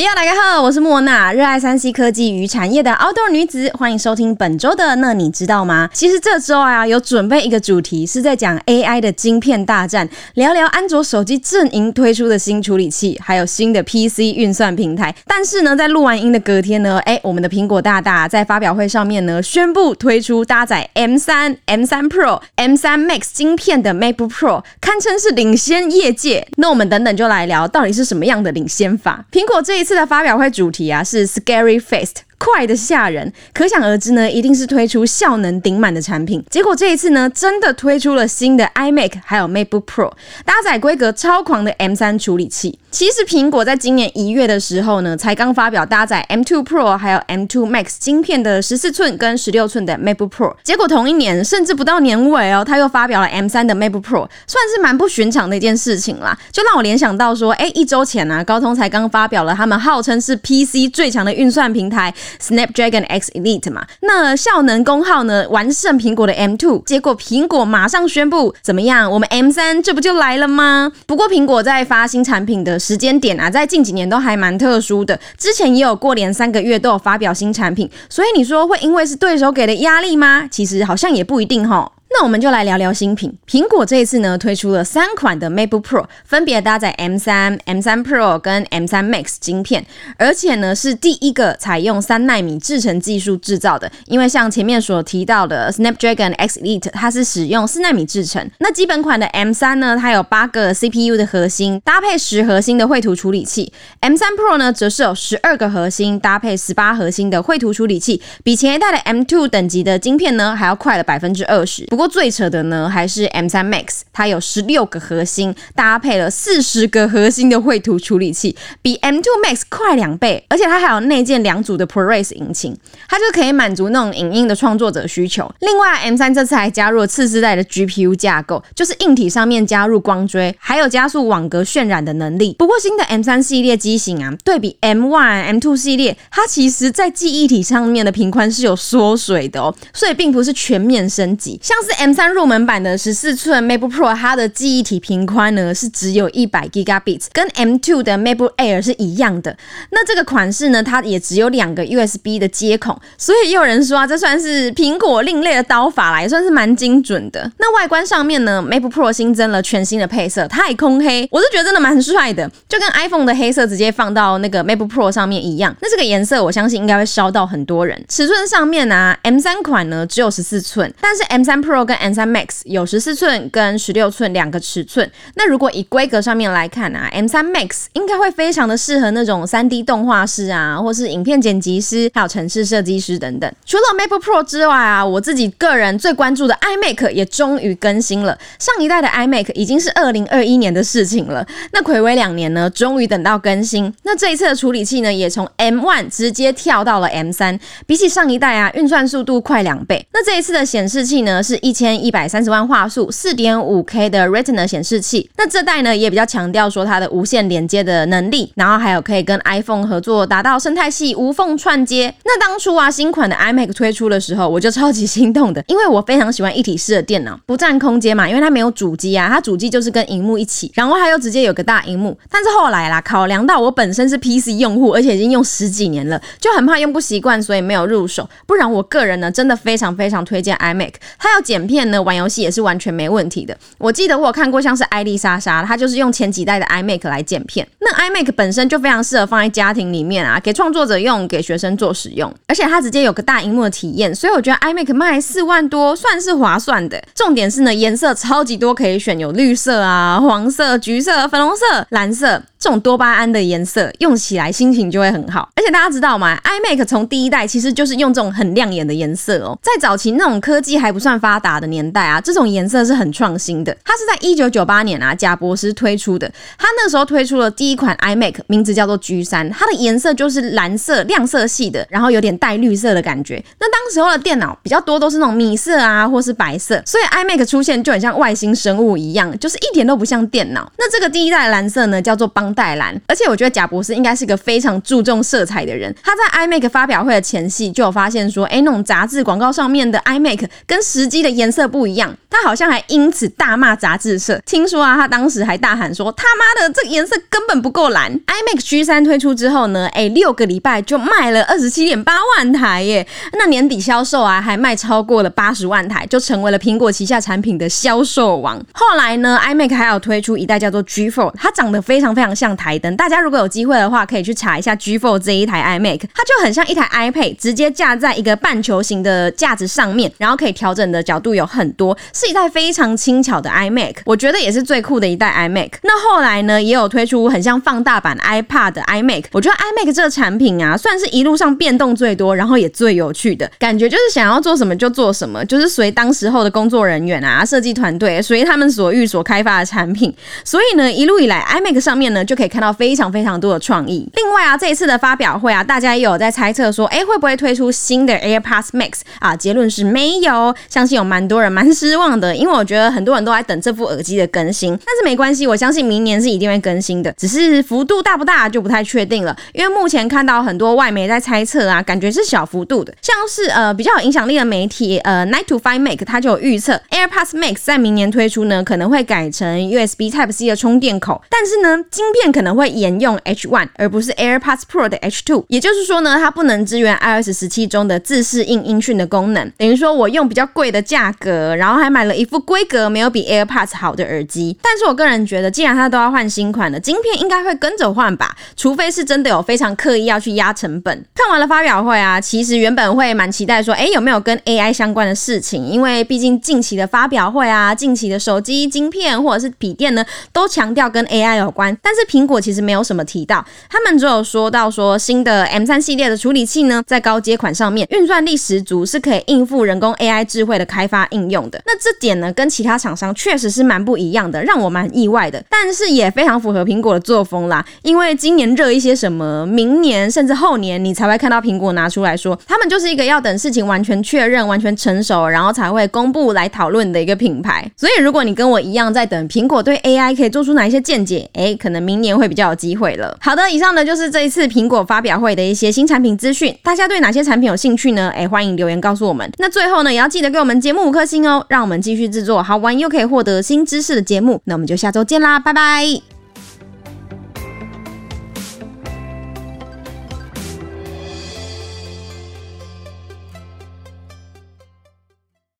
你好，大家好，我是莫娜，熱愛三 C 科技與產業的 outdoor 女子，歡迎收聽本周的那你知道嗎？其實這周啊有準備一個主題，是在講 AI 的晶片大戰，聊聊安卓手機陣營推出的新處理器，還有新的 PC 運算平台。但是呢，在錄完音的隔天呢，哎、欸，我們的蘋果大大在發表會上面呢，宣布推出搭載 M 三、M 三 Pro、M 三 Max 晶片的 MacBook Pro，堪稱是領先業界。那我們等等就來聊到底是什麼樣的領先法？蘋果這一次。這次的發表會主題啊，是 Scary Fast。快的嚇人，可想而知呢，一定是推出效能頂滿的產品。結果這一次呢，真的推出了新的 iMac，還有 MacBook Pro，搭載規格超狂的 M3 處理器。其實蘋果在今年一月的時候呢，才剛發表搭載 M2 Pro 還有 M2 Max 芯片的十四寸跟十六寸的 MacBook Pro。結果同一年甚至不到年尾哦，他又發表了 M3 的 MacBook Pro，算是蠻不尋常的一件事情啦。就讓我聯想到說，哎、欸，一周前啊，高通才剛發表了他們號稱是 PC 最強的運算平台。Snapdragon X Elite 嘛，那效能功耗呢完勝蘋果的 M2，結果蘋果馬上宣布怎麼樣？我們 M3 這不就來了嗎？不過蘋果在發新產品的時間點啊，在近幾年都還蠻特殊的，之前也有過連三個月都有發表新產品，所以你說會因為是對手給的壓力嗎？其實好像也不一定吼。那我們就來聊聊新品。蘋果這一次呢，推出了三款的 MacBook Pro，分別搭載 M3、M3 Pro 跟 M3 Max 晶片，而且呢是第一個採用三奈米制程技術制造的。因為像前面所提到的 Snapdragon X Elite，它是使用四奈米制程。那基本款的 M3 呢，它有八個 CPU 的核心，搭配十核心的繪圖處理器；M3 Pro 呢，則是有十二個核心，搭配十八核心的繪圖處理器，比前一代的 M2 等級的晶片呢還要快了百分之二十。不過最扯的呢，還是 M3 Max，它有十六個核心，搭配了四十個核心的繪圖處理器，比 M2 Max 快兩倍，而且它還有內建兩組的 ProRes 引擎，它就可以滿足那種影音的創作者需求。另外，M3 這次還加入了次世代的 GPU 架構，就是硬體上面加入光追，還有加速網格渲染的能力。不過，新的 M3 系列機型啊，對比 M1、M2 系列，它其實在記憶體上面的頻寬是有縮水的哦，所以並不是全面升級，像是，M 三入門版的十四寸 MacBook Pro，它的記憶體頻寬呢是只有一百 Giga bits，跟 M two 的 MacBook Air 是一樣的。那這個款式呢，它也只有兩個 USB 的接孔，所以也有人說啊，這算是蘋果另類的刀法啦，也算是蠻精準的。那外觀上面呢 MacBook Pro 新增了全新的配色——太空黑，我是覺得真的蠻帥的，就跟 iPhone 的黑色直接放到那個 MacBook Pro 上面一樣。那這個顏色，我相信應該會燒到很多人。尺寸上面呢、啊、，M 三款呢只有十四寸，但是 M 三 Pro。跟 M3 Max 有十四寸跟十六寸兩個尺寸。那如果以規格上面來看啊，M3 Max 應該會非常的適合那種三 D 動畫師啊，或是影片剪輯師，還有程式設計師等等。除了 MacBook Pro 之外啊，我自己個人最關注的 iMac 也終於更新了。上一代的 iMac 已經是二零二一年的事情了。那睽違兩年呢，終於等到更新。那這一次的處理器呢，也從 M1 直接跳到了 M3，比起上一代啊，運算速度快兩倍。那這一次的顯示器呢，是。一千一百三十萬畫素，四點五 K 的 Retina 顯示器。那這代呢，也比較強調說它的無線連接的能力，然後還有可以跟 iPhone 合作，達到生態系無縫串接。那當初啊，新款的 iMac 推出的時候，我就超級心動的，因為我非常喜歡一體式的電腦，不占空間嘛，因為它沒有主機啊，它主機就是跟熒幕一起，然後它又直接有個大熒幕。但是後來啦，考量到我本身是 PC 用戶，而且已經用十幾年了，就很怕用不習慣，所以沒有入手。不然我個人呢，真的非常非常推薦 iMac，它要簡。片呢，玩遊戲也是完全沒問題的。我記得我有看過像是艾麗莎莎，她就是用前幾代的 iMac 來剪片。那 iMac 本身就非常適合放在家庭裡面啊，給創作者用，給學生做使用。而且它直接有個大熒幕的體驗，所以我覺得 iMac 賣四萬多算是划算的。重點是呢，顏色超級多可以選，有綠色啊、黃色、橘色、粉紅色、藍色這種多巴胺的顏色，用起來心情就會很好。而且大家知道嗎？iMac 從第一代其實就是用這種很亮眼的顏色哦、喔，在早期那種科技還不算發達。打的年代啊，這種顏色是很創新的。它是在一九九八年啊，賈伯斯推出的。他那時候推出了第一款 iMac，名字叫做 G 三，它的顏色就是藍色，亮色系的，然後有點帶綠色的感覺。那當時候的電腦比較多都是那種米色啊，或是白色，所以 iMac 出現就很像外星生物一樣，就是一點都不像電腦。那這個第一代藍色呢，叫做邦代藍。而且我覺得賈伯斯應該是個非常注重色彩的人。他在 iMac 發表會的前夕就有發現說，哎、欸，那種雜誌廣告上面的 iMac 跟實際的。顏色不一樣，他好像還因此大罵雜誌社。聽說啊，他當時還大喊說：“他媽的，這個顏色根本不夠藍！” iMac G3 推出之後呢，誒、欸，六個禮拜就賣了二十七點八萬台耶。那年底銷售啊，還賣超過了八十萬台，就成為了蘋果旗下產品的銷售王。後來呢，iMac 還有推出一代叫做 G Four，它長得非常非常像檯燈。大家如果有機會的話，可以去查一下 G Four 這一台 iMac，它就很像一台 iPad，直接架在一個半球形的架子上面，然後可以調整的角度。有很多是一代非常輕巧的 iMac，我覺得也是最酷的一代 iMac。那後來呢，也有推出很像放大版 iPad 的 iMac。我覺得 iMac 這個產品啊，算是一路上變動最多，然後也最有趣的感覺，就是想要做什麼就做什麼，就是隨當時候的工作人員啊、設計團隊，隨他們所欲所開發的產品。所以呢，一路以來 iMac 上面呢，就可以看到非常非常多的創意。另外啊，這一次的發表會啊，大家也有在猜測說，誒、欸，會不會推出新的 AirPods Max 啊？結論是沒有，相信有蠻。很多人蠻失望的，因為我覺得很多人都在等這副耳機的更新，但是沒關係，我相信明年是一定會更新的，只是幅度大不大就不太確定了。因為目前看到很多外媒在猜測啊，感覺是小幅度的，像是呃比較有影響力的媒體呃，9 to 5 Mac 它就有預測，AirPods Max 在明年推出呢，可能會改成 USB Type C 的充電口，但是呢，晶片可能會沿用 H1 而不是 AirPods Pro 的 H2，也就是說呢，它不能支援 iOS 十七中的自適應音訊的功能，等於說我用比較貴的價。格，然後還買了一副規格沒有比 AirPods 好的耳機，但是我個人覺得，既然它都要換新款了，晶片應該會跟着換吧，除非是真的有非常刻意要去壓成本。看完了發表會啊，其實原本會蠻期待說，哎，有沒有跟 AI 相關的事情？因為畢竟近期的發表會啊，近期的手機晶片或者是筆電呢，都強調跟 AI 有關，但是蘋果其實沒有什麼提到，他們只有說到說新的 M3 系列的處理器呢，在高階款上面運算力十足，是可以應付人工 AI 智慧的開放。發應用的，那這點呢，跟其他廠商確實是蠻不一樣的，讓我蠻意外的。但是也非常符合蘋果的作風啦，因為今年熱一些什麼，明年甚至後年，你才會看到蘋果拿出來說，他們就是一個要等事情完全確認、完全成熟，然後才會公布來討論的一個品牌。所以如果你跟我一樣在等蘋果對 AI 可以做出哪一些見解，誒、欸，可能明年會比較有機會了。好的，以上呢就是這一次蘋果發表會的一些新產品資訊，大家對哪些產品有興趣呢？誒、欸，歡迎留言告訴我們。那最後呢，也要記得給我們節目，五顆星哦，讓我們繼續制作好玩又可以獲得新知識的節目。那我們就下周見啦，拜拜。